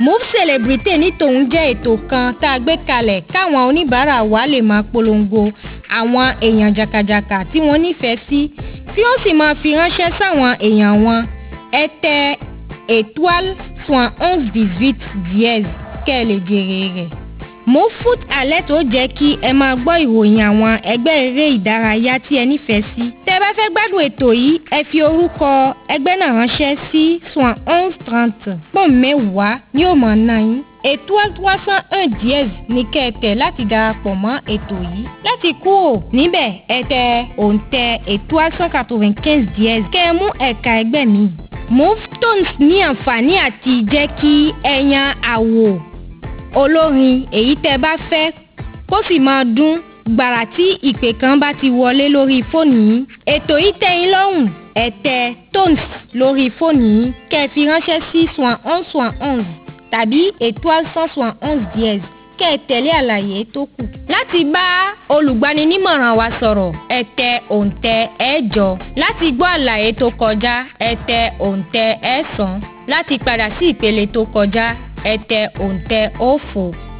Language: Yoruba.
Move Celebrity ní tòun jẹ́ ètò kan tá a gbé kalẹ̀ káwọn oníbàárà wa lè máa polongo àwọn èèyàn jàkàjàkà tí wọ́n nífẹ̀ẹ́ sí tí ó sì máa fi ránṣẹ́ sáwọn èèyàn wọn ẹ tẹ étoile soin onze dix-huit dièse kẹ́ ẹ lè jèrè rẹ̀. Move Foot Alert ó jẹ́ kí ẹ máa gbọ́ ìròyìn àwọn ẹgbẹ́ eré ìdárayá tí ẹ nífẹ̀ẹ́ sí. Si tẹ́ bá fẹ́ gbádùn ètò yìí ẹ fi orúkọ ẹgbẹ́ náà ránṣẹ́ sí soin onze trente pọ́n mẹ́wàá ní òmò náà yín étoile trois cent un dièse ní kẹ́ẹ̀tẹ̀ láti darapọ̀ mọ́ ètò yìí láti kúrò níbẹ̀ ẹ tẹ òǹtẹ̀ étoile cent quatre-vingt-quinze dièse kẹ́ ẹ mú ẹ̀ka ẹgbẹ́ mi movetones ní àǹfààní àti jẹ́ kí ẹ yan àwò olórin èyí tẹ́ bá fẹ́ kó sì máa dún gbàrà tí ìpè kan bá ti wọlé lórí fóònù yìí ètò yìí tẹ́ yín lọ́rùn tẹ tones lórí fóònù yìí kẹ́ ẹ fi ránṣẹ́ sí swan onze swan onze tàbí étoile cent swan onze dièse kẹ́ ẹ tẹ̀lé àlàyé tó kù. láti bá olùgbaninímọ̀ràn wa sọ̀rọ̀ ẹ tẹ òǹtẹ̀ ẹ̀jọ láti gbọ́ àlàyé tó kọjá ẹ tẹ òǹtẹ̀ ẹ̀sán láti padà sí ìpele tó kọjá ẹ tẹ òǹtẹ̀ òfo.